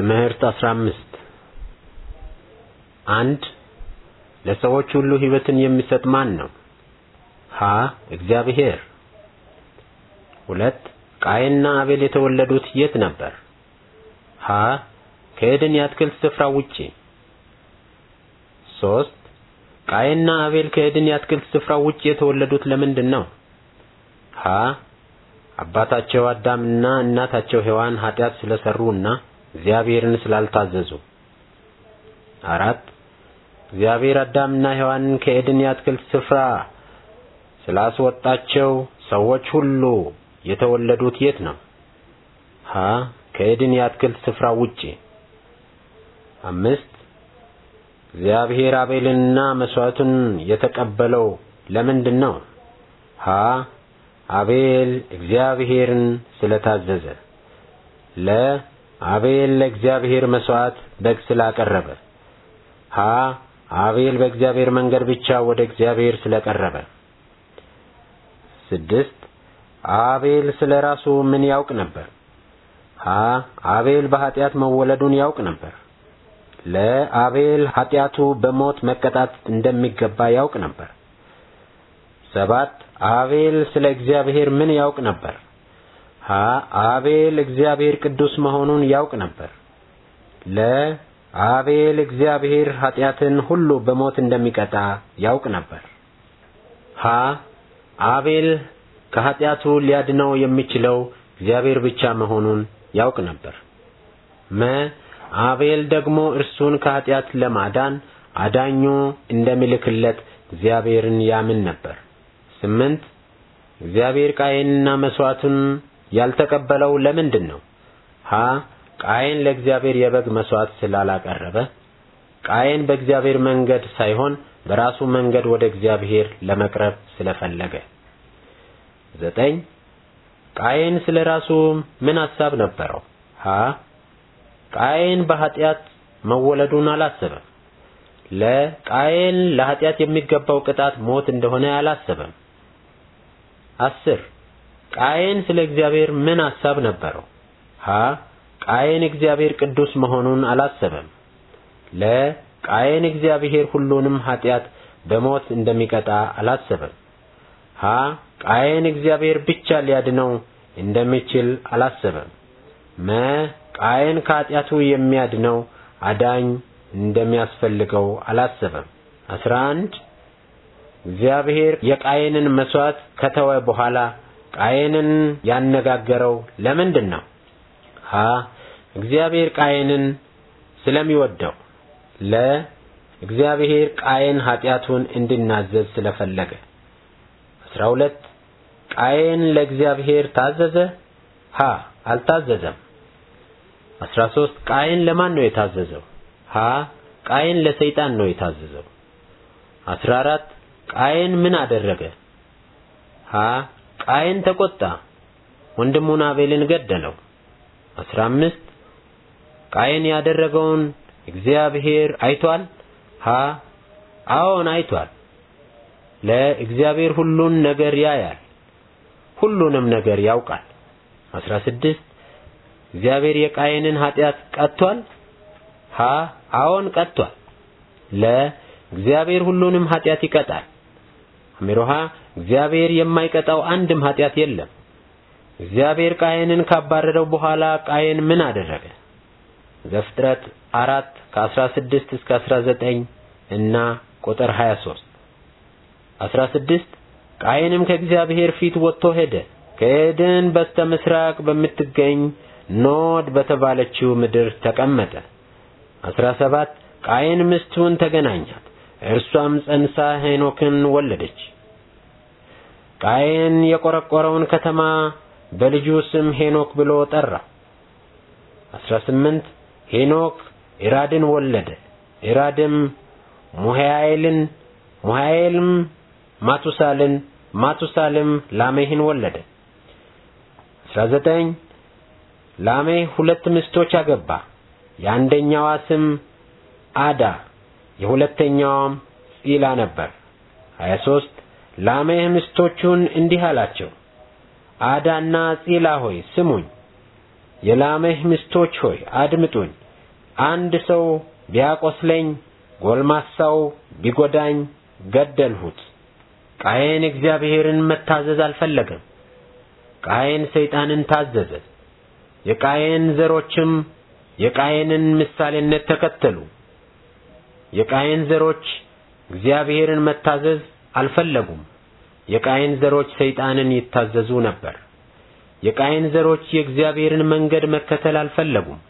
ትምህርት 15 አንድ ለሰዎች ሁሉ ህይወትን የሚሰጥ ማን ነው? ሀ እግዚአብሔር። ሁለት ቃየንና አቤል የተወለዱት የት ነበር? ሀ ከኤድን የአትክልት ስፍራ ውጪ። ሶስት ቃየንና አቤል ከኤድን የአትክልት ስፍራ ውጪ የተወለዱት ለምንድን ነው? ሀ አባታቸው አዳምና እናታቸው ሔዋን ኃጢአት ስለሰሩና እግዚአብሔርን ስላልታዘዙ። አራት እግዚአብሔር አዳምና ሔዋንን ከኤድን የአትክልት ስፍራ ስላስወጣቸው ሰዎች ሁሉ የተወለዱት የት ነው? ሀ ከኤድን የአትክልት ስፍራ ውጪ። አምስት እግዚአብሔር አቤልንና መስዋዕቱን የተቀበለው ለምንድን ነው? ሀ አቤል እግዚአብሔርን ስለታዘዘ። ለ አቤል ለእግዚአብሔር መሥዋዕት በግ ስላቀረበ ሀ አቤል በእግዚአብሔር መንገድ ብቻ ወደ እግዚአብሔር ስለቀረበ ስድስት አቤል ስለ ራሱ ምን ያውቅ ነበር? ሀ አቤል በኀጢአት መወለዱን ያውቅ ነበር። ለአቤል ኀጢአቱ በሞት መቀጣት እንደሚገባ ያውቅ ነበር። ሰባት አቤል ስለ እግዚአብሔር ምን ያውቅ ነበር? ሀ አቤል እግዚአብሔር ቅዱስ መሆኑን ያውቅ ነበር። ለ አቤል እግዚአብሔር ኃጢአትን ሁሉ በሞት እንደሚቀጣ ያውቅ ነበር። ሀ አቤል ከኃጢአቱ ሊያድነው የሚችለው እግዚአብሔር ብቻ መሆኑን ያውቅ ነበር። መ አቤል ደግሞ እርሱን ከኃጢአት ለማዳን አዳኙ እንደሚልክለት እግዚአብሔርን ያምን ነበር። ስምንት እግዚአብሔር ቃየንና መስዋዕቱን ያልተቀበለው ለምንድን ነው? ሀ ቃየን ለእግዚአብሔር የበግ መስዋዕት ስላላቀረበ፣ ቃየን በእግዚአብሔር መንገድ ሳይሆን በራሱ መንገድ ወደ እግዚአብሔር ለመቅረብ ስለፈለገ። ዘጠኝ ቃየን ስለ ራሱ ምን ሐሳብ ነበረው? ሀ ቃየን በኃጢአት መወለዱን አላሰበም። ለ ቃየን ለኃጢአት የሚገባው ቅጣት ሞት እንደሆነ አላሰበም። አስር ቃየን ስለ እግዚአብሔር ምን ሐሳብ ነበረው? ሀ ቃየን እግዚአብሔር ቅዱስ መሆኑን አላሰበም። ለ ቃየን እግዚአብሔር ሁሉንም ኃጢአት በሞት እንደሚቀጣ አላሰበም። ሀ ቃየን እግዚአብሔር ብቻ ሊያድነው እንደሚችል አላሰበም። መ ቃየን ከኃጢአቱ የሚያድነው አዳኝ እንደሚያስፈልገው አላሰበም። አስራ አንድ እግዚአብሔር የቃየንን መስዋዕት ከተወ በኋላ ቃየንን ያነጋገረው ለምንድን ነው? ሀ እግዚአብሔር ቃየንን ስለሚወደው፣ ለ እግዚአብሔር ቃየን ኃጢአቱን እንድናዘዝ ስለፈለገ። 12 ቃየን ለእግዚአብሔር ታዘዘ? ሀ አልታዘዘም። 13 ቃየን ለማን ነው የታዘዘው? ሀ ቃየን ለሰይጣን ነው የታዘዘው። 14 ቃየን ምን አደረገ? ሀ ቃየን ተቆጣ፣ ወንድሙን አቤልን ገደለው። 15 ቃየን ያደረገውን እግዚአብሔር አይቷል። ሀ አዎን አይቷል። ለእግዚአብሔር ሁሉን ነገር ያያል፣ ሁሉንም ነገር ያውቃል። 16 እግዚአብሔር የቃየንን ኃጢአት ቀጥቷል። ሀ አዎን ቀጥቷል። ለእግዚአብሔር ሁሉንም ኃጢአት ይቀጣል አሚሮሃ እግዚአብሔር የማይቀጣው አንድም ኃጢአት የለም። እግዚአብሔር ቃየንን ካባረረው በኋላ ቃየን ምን አደረገ? ዘፍጥረት 4 ከ16 እስከ 19 እና ቁጥር 23 16 ቃየንም ከእግዚአብሔር ፊት ወጥቶ ሄደ ከኤደን በስተ ምስራቅ በምትገኝ ኖድ በተባለችው ምድር ተቀመጠ። 17 ቃየን ምስቱን ተገናኛት፣ እርሷም ጸንሳ ሄኖክን ወለደች። ቃየን የቆረቆረውን ከተማ በልጁ ስም ሄኖክ ብሎ ጠራ። 18 ሄኖክ ኢራድን ወለደ። ኢራድም ሙሃያኤልን፣ ሙሃያኤልም ማቱሳልን፣ ማቱሳልም ላሜህን ወለደ። 19 ላሜህ ሁለት ሚስቶች አገባ። የአንደኛዋ ስም አዳ የሁለተኛዋም ጺላ ነበር። 23 ላሜህ ሚስቶቹን እንዲህ አላቸው፣ አዳና ጺላ ሆይ ስሙኝ፣ የላሜህ ሚስቶች ሆይ አድምጡኝ። አንድ ሰው ቢያቆስለኝ፣ ጎልማሳው ቢጎዳኝ ገደልሁት። ቃየን እግዚአብሔርን መታዘዝ አልፈለገም። ቃየን ሰይጣንን ታዘዘ። የቃየን ዘሮችም የቃየንን ምሳሌነት ተከተሉ። የቃየን ዘሮች እግዚአብሔርን መታዘዝ አልፈለጉም። የቃየን ዘሮች ሰይጣንን ይታዘዙ ነበር። የቃየን ዘሮች የእግዚአብሔርን መንገድ መከተል አልፈለጉም።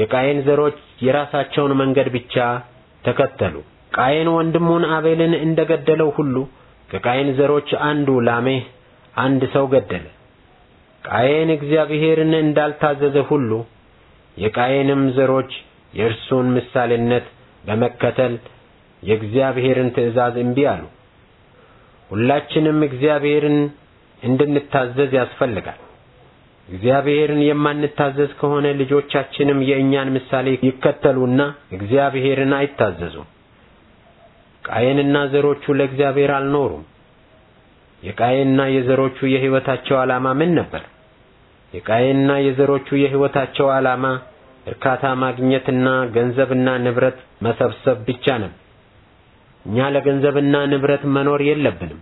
የቃየን ዘሮች የራሳቸውን መንገድ ብቻ ተከተሉ። ቃየን ወንድሙን አቤልን እንደገደለው ሁሉ ከቃየን ዘሮች አንዱ ላሜህ አንድ ሰው ገደለ። ቃየን እግዚአብሔርን እንዳልታዘዘ ሁሉ የቃየንም ዘሮች የእርሱን ምሳሌነት በመከተል የእግዚአብሔርን ትእዛዝ እምቢ አሉ። ሁላችንም እግዚአብሔርን እንድንታዘዝ ያስፈልጋል። እግዚአብሔርን የማንታዘዝ ከሆነ ልጆቻችንም የእኛን ምሳሌ ይከተሉና እግዚአብሔርን አይታዘዙም። ቃየንና ዘሮቹ ለእግዚአብሔር አልኖሩም። የቃየንና የዘሮቹ የሕይወታቸው ዓላማ ምን ነበር? የቃየንና የዘሮቹ የሕይወታቸው ዓላማ እርካታ ማግኘትና ገንዘብና ንብረት መሰብሰብ ብቻ ነበር። እኛ ለገንዘብና ንብረት መኖር የለብንም።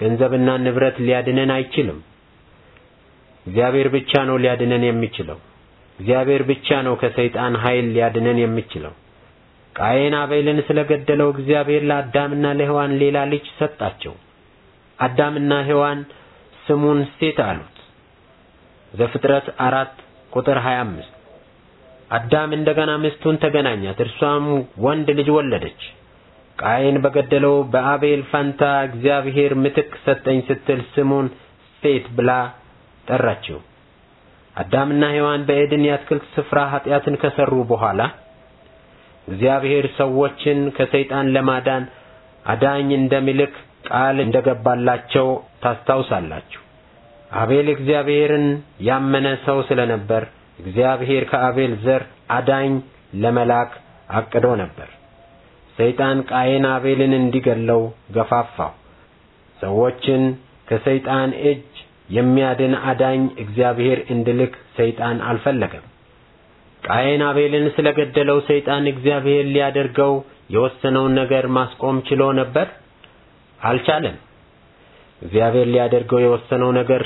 ገንዘብና ንብረት ሊያድነን አይችልም። እግዚአብሔር ብቻ ነው ሊያድነን የሚችለው። እግዚአብሔር ብቻ ነው ከሰይጣን ኃይል ሊያድነን የሚችለው። ቃየን አቤልን ስለገደለው እግዚአብሔር ለአዳምና ለሔዋን ሌላ ልጅ ሰጣቸው። አዳምና ሔዋን ስሙን ሴት አሉት። ዘፍጥረት አራት ቁጥር 25 አዳም እንደገና ሚስቱን ተገናኛት፣ እርሷም ወንድ ልጅ ወለደች። ቃይን በገደለው በአቤል ፈንታ እግዚአብሔር ምትክ ሰጠኝ ስትል ስሙን ሴት ብላ ጠራችው። አዳምና ሔዋን በኤድን የአትክልት ስፍራ ኃጢአትን ከሰሩ በኋላ እግዚአብሔር ሰዎችን ከሰይጣን ለማዳን አዳኝ እንደሚልክ ቃል እንደገባላቸው ታስታውሳላችሁ። አቤል እግዚአብሔርን ያመነ ሰው ስለነበር እግዚአብሔር ከአቤል ዘር አዳኝ ለመላክ አቅዶ ነበር። ሰይጣን ቃየን አቤልን እንዲገለው ገፋፋው። ሰዎችን ከሰይጣን እጅ የሚያድን አዳኝ እግዚአብሔር እንዲልክ ሰይጣን አልፈለገም። ቃየን አቤልን ስለገደለው ሰይጣን እግዚአብሔር ሊያደርገው የወሰነውን ነገር ማስቆም ችሎ ነበር? አልቻለም። እግዚአብሔር ሊያደርገው የወሰነው ነገር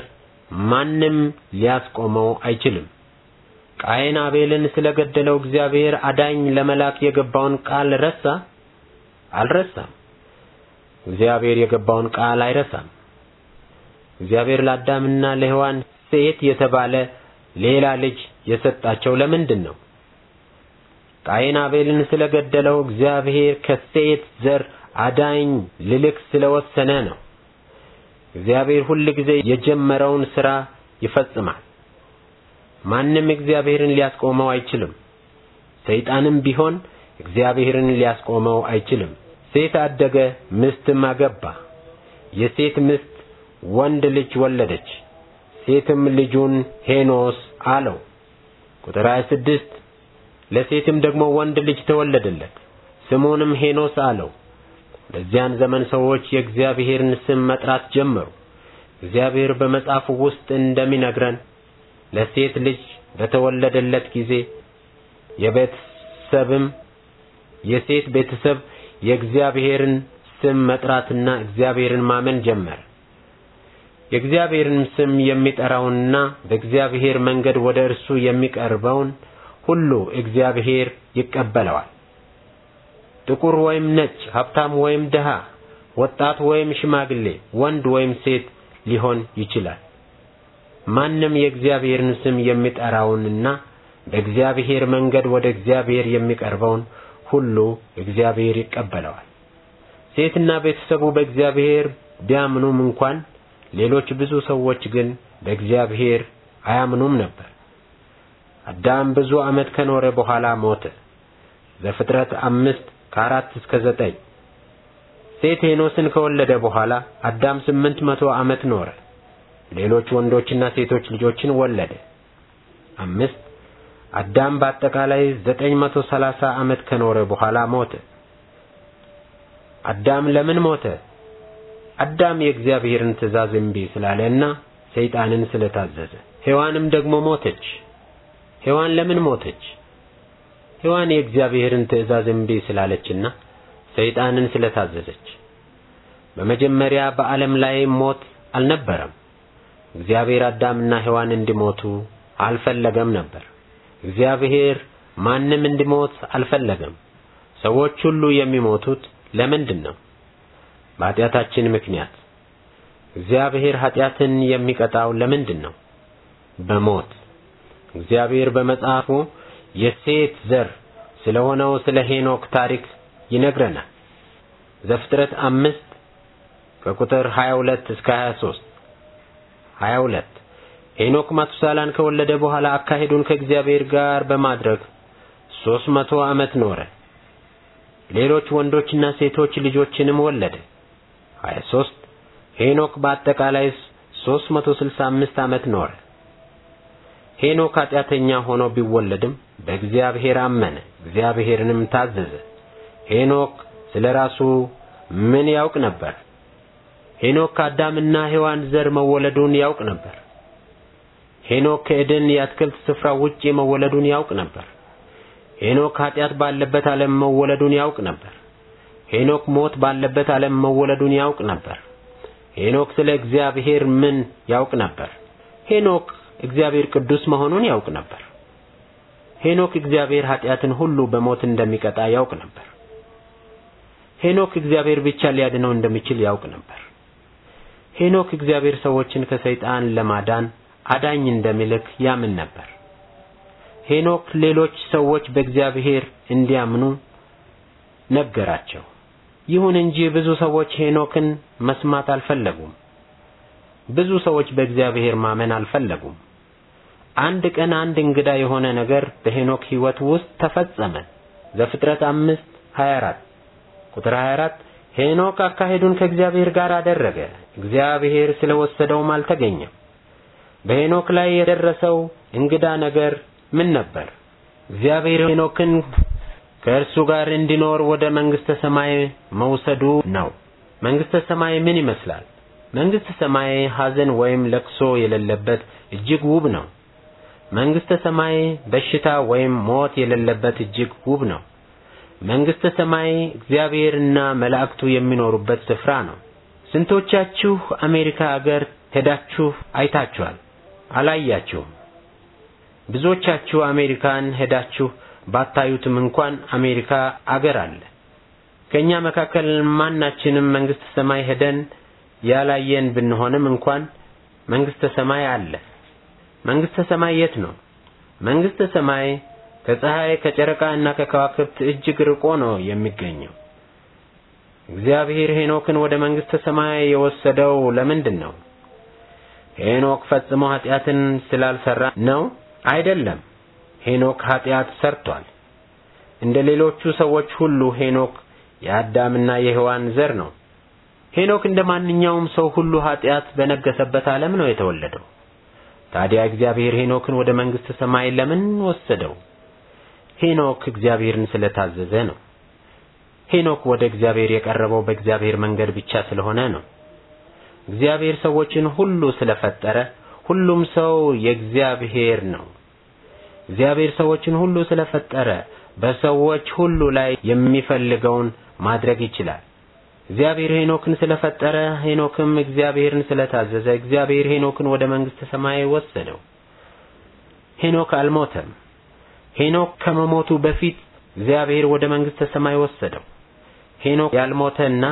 ማንም ሊያስቆመው አይችልም። ቃየን አቤልን ስለገደለው እግዚአብሔር አዳኝ ለመላክ የገባውን ቃል ረሳ? አልረሳም። እግዚአብሔር የገባውን ቃል አይረሳም። እግዚአብሔር ለአዳምና ለሔዋን ሴት የተባለ ሌላ ልጅ የሰጣቸው ለምንድን ነው? ቃየን አቤልን ስለገደለው እግዚአብሔር ከሴት ዘር አዳኝ ልልክ ስለወሰነ ነው። እግዚአብሔር ሁል ጊዜ የጀመረውን ሥራ ይፈጽማል። ማንም እግዚአብሔርን ሊያስቆመው አይችልም። ሰይጣንም ቢሆን እግዚአብሔርን ሊያስቆመው አይችልም። ሴት አደገ፣ ምስትም አገባ። የሴት ምስት ወንድ ልጅ ወለደች። ሴትም ልጁን ሄኖስ አለው። ቁጥር 26 ለሴትም ደግሞ ወንድ ልጅ ተወለደለት፣ ስሙንም ሄኖስ አለው። በዚያን ዘመን ሰዎች የእግዚአብሔርን ስም መጥራት ጀመሩ። እግዚአብሔር በመጽሐፉ ውስጥ እንደሚነግረን ለሴት ልጅ በተወለደለት ጊዜ የቤተሰብም የሴት ቤተሰብ የእግዚአብሔርን ስም መጥራትና እግዚአብሔርን ማመን ጀመር። የእግዚአብሔርን ስም የሚጠራውንና በእግዚአብሔር መንገድ ወደ እርሱ የሚቀርበውን ሁሉ እግዚአብሔር ይቀበለዋል። ጥቁር ወይም ነጭ፣ ሀብታም ወይም ድሃ፣ ወጣት ወይም ሽማግሌ፣ ወንድ ወይም ሴት ሊሆን ይችላል። ማንም የእግዚአብሔርን ስም የሚጠራውንና በእግዚአብሔር መንገድ ወደ እግዚአብሔር የሚቀርበውን ሁሉ እግዚአብሔር ይቀበለዋል። ሴትና ቤተሰቡ በእግዚአብሔር ቢያምኑም እንኳን ሌሎች ብዙ ሰዎች ግን በእግዚአብሔር አያምኑም ነበር። አዳም ብዙ ዓመት ከኖረ በኋላ ሞተ። ዘፍጥረት አምስት ከአራት እስከ ዘጠኝ ሴት ሄኖስን ከወለደ በኋላ አዳም ስምንት መቶ ዓመት ኖረ። ሌሎች ወንዶችና ሴቶች ልጆችን ወለደ። አምስት አዳም በአጠቃላይ ዘጠኝ 930 ዓመት ከኖረ በኋላ ሞተ። አዳም ለምን ሞተ? አዳም የእግዚአብሔርን ትእዛዝ እምቢ ስላለና ሰይጣንን ስለታዘዘ። ሔዋንም ደግሞ ሞተች። ሔዋን ለምን ሞተች? ሔዋን የእግዚአብሔርን ትእዛዝ እምቢ ስላለችና ሰይጣንን ስለታዘዘች። በመጀመሪያ በዓለም ላይ ሞት አልነበረም። እግዚአብሔር አዳምና ሔዋን እንዲሞቱ አልፈለገም ነበር። እግዚአብሔር ማንም እንዲሞት አልፈለገም። ሰዎች ሁሉ የሚሞቱት ለምንድን ነው? በኃጢአታችን ምክንያት። እግዚአብሔር ኃጢአትን የሚቀጣው ለምንድን ነው? በሞት። እግዚአብሔር በመጽሐፉ የሴት ዘር ስለሆነው ስለ ሄኖክ ታሪክ ይነግረናል። ዘፍጥረት አምስት ከቁጥር 22 እስከ 23 22 ሄኖክ ማቱሳላን ከወለደ በኋላ አካሄዱን ከእግዚአብሔር ጋር በማድረግ ሦስት መቶ ዓመት ኖረ። ሌሎች ወንዶችና ሴቶች ልጆችንም ወለደ። 23 ሄኖክ በአጠቃላይ 365 ዓመት ኖረ። ሄኖክ ኃጢአተኛ ሆኖ ቢወለድም በእግዚአብሔር አመነ፣ እግዚአብሔርንም ታዘዘ። ሄኖክ ስለ ራሱ ምን ያውቅ ነበር? ሄኖክ ከአዳምና ሔዋን ዘር መወለዱን ያውቅ ነበር። ሄኖክ ከኤደን የአትክልት ስፍራ ውጭ መወለዱን ያውቅ ነበር። ሄኖክ ኃጢአት ባለበት ዓለም መወለዱን ያውቅ ነበር። ሄኖክ ሞት ባለበት ዓለም መወለዱን ያውቅ ነበር። ሄኖክ ስለ እግዚአብሔር ምን ያውቅ ነበር? ሄኖክ እግዚአብሔር ቅዱስ መሆኑን ያውቅ ነበር። ሄኖክ እግዚአብሔር ኃጢአትን ሁሉ በሞት እንደሚቀጣ ያውቅ ነበር። ሄኖክ እግዚአብሔር ብቻ ሊያድነው እንደሚችል ያውቅ ነበር። ሄኖክ እግዚአብሔር ሰዎችን ከሰይጣን ለማዳን አዳኝ እንደሚልክ ያምን ነበር። ሄኖክ ሌሎች ሰዎች በእግዚአብሔር እንዲያምኑ ነገራቸው። ይሁን እንጂ ብዙ ሰዎች ሄኖክን መስማት አልፈለጉም። ብዙ ሰዎች በእግዚአብሔር ማመን አልፈለጉም። አንድ ቀን አንድ እንግዳ የሆነ ነገር በሄኖክ ሕይወት ውስጥ ተፈጸመ። ዘፍጥረት 5 24 ቁጥር 24 ሄኖክ አካሄዱን ከእግዚአብሔር ጋር አደረገ፣ እግዚአብሔር ስለወሰደውም አልተገኘም። በሄኖክ ላይ የደረሰው እንግዳ ነገር ምን ነበር? እግዚአብሔር ሄኖክን ከእርሱ ጋር እንዲኖር ወደ መንግስተ ሰማይ መውሰዱ ነው። መንግስተ ሰማይ ምን ይመስላል? መንግስተ ሰማይ ሐዘን ወይም ለቅሶ የሌለበት እጅግ ውብ ነው። መንግስተ ሰማይ በሽታ ወይም ሞት የሌለበት እጅግ ውብ ነው። መንግስተ ሰማይ እግዚአብሔርና መላእክቱ የሚኖሩበት ስፍራ ነው። ስንቶቻችሁ አሜሪካ አገር ሄዳችሁ አይታችኋል? አላያችሁም። ብዙዎቻችሁ አሜሪካን ሄዳችሁ ባታዩትም እንኳን አሜሪካ አገር አለ። ከኛ መካከል ማናችንም መንግስተ ሰማይ ሄደን ያላየን ብንሆንም እንኳን መንግስተ ሰማይ አለ። መንግስተ ሰማይ የት ነው? መንግስተ ሰማይ ከፀሐይ ከጨረቃ እና ከከዋክብት እጅግ ርቆ ነው የሚገኘው። እግዚአብሔር ሄኖክን ወደ መንግስተ ሰማይ የወሰደው ለምንድን ነው? ሄኖክ ፈጽሞ ኃጢአትን ስላልሰራ ነው? አይደለም። ሄኖክ ኃጢአት ሰርቷል። እንደ ሌሎቹ ሰዎች ሁሉ ሄኖክ የአዳምና የሔዋን ዘር ነው። ሄኖክ እንደ ማንኛውም ሰው ሁሉ ኃጢአት በነገሰበት ዓለም ነው የተወለደው። ታዲያ እግዚአብሔር ሄኖክን ወደ መንግሥተ ሰማይ ለምን ወሰደው? ሄኖክ እግዚአብሔርን ስለታዘዘ ነው። ሄኖክ ወደ እግዚአብሔር የቀረበው በእግዚአብሔር መንገድ ብቻ ስለሆነ ነው። እግዚአብሔር ሰዎችን ሁሉ ስለፈጠረ ሁሉም ሰው የእግዚአብሔር ነው። እግዚአብሔር ሰዎችን ሁሉ ስለፈጠረ በሰዎች ሁሉ ላይ የሚፈልገውን ማድረግ ይችላል። እግዚአብሔር ሄኖክን ስለፈጠረ ሄኖክም እግዚአብሔርን ስለታዘዘ እግዚአብሔር ሄኖክን ወደ መንግሥተ ሰማይ ወሰደው። ሄኖክ አልሞተም። ሄኖክ ከመሞቱ በፊት እግዚአብሔር ወደ መንግሥተ ሰማይ ወሰደው። ሄኖክ ያልሞተና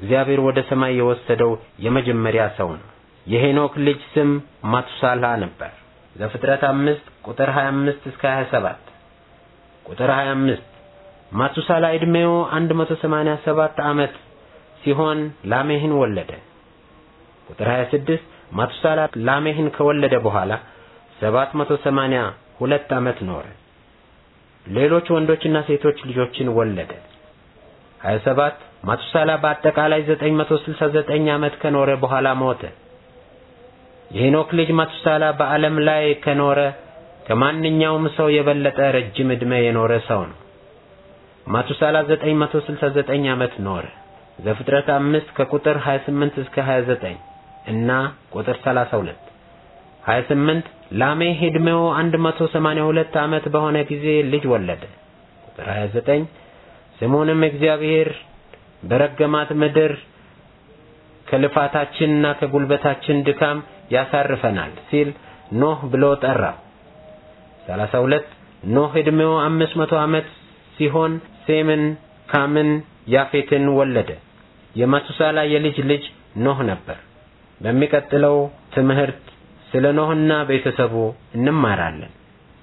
እግዚአብሔር ወደ ሰማይ የወሰደው የመጀመሪያ ሰው ነው። የሄኖክ ልጅ ስም ማቱሳላ ነበር። ዘፍጥረት 5 ቁጥር 25 እስከ 27 ቁጥር 25 ማቱሳላ ዕድሜው 187 ዓመት ሲሆን ላሜህን ወለደ። ቁጥር 26 ማቱሳላ ላሜህን ከወለደ በኋላ 782 ዓመት ኖረ። ሌሎች ወንዶችና ሴቶች ልጆችን ወለደ። 27 ማቱሳላ በአጠቃላይ 969 ዓመት ከኖረ በኋላ ሞተ። የሄኖክ ልጅ ማቱሳላ በዓለም ላይ ከኖረ ከማንኛውም ሰው የበለጠ ረጅም ዕድሜ የኖረ ሰው ነው። ማቱሳላ 969 ዓመት ኖረ። ዘፍጥረት 5 ከቁጥር 28 እስከ 29 እና ቁጥር 32 28 ላሜህ ዕድሜው 182 ዓመት በሆነ ጊዜ ልጅ ወለደ። ቁጥር 29 ስሙንም እግዚአብሔር በረገማት ምድር ከልፋታችንና ከጉልበታችን ድካም ያሳርፈናል ሲል ኖህ ብሎ ጠራ። 32 ኖህ ዕድሜው 500 ዓመት ሲሆን ሴምን፣ ካምን፣ ያፌትን ወለደ። የመቱሳላ የልጅ ልጅ ኖህ ነበር። በሚቀጥለው ትምህርት ስለ ኖህና ቤተሰቡ እንማራለን።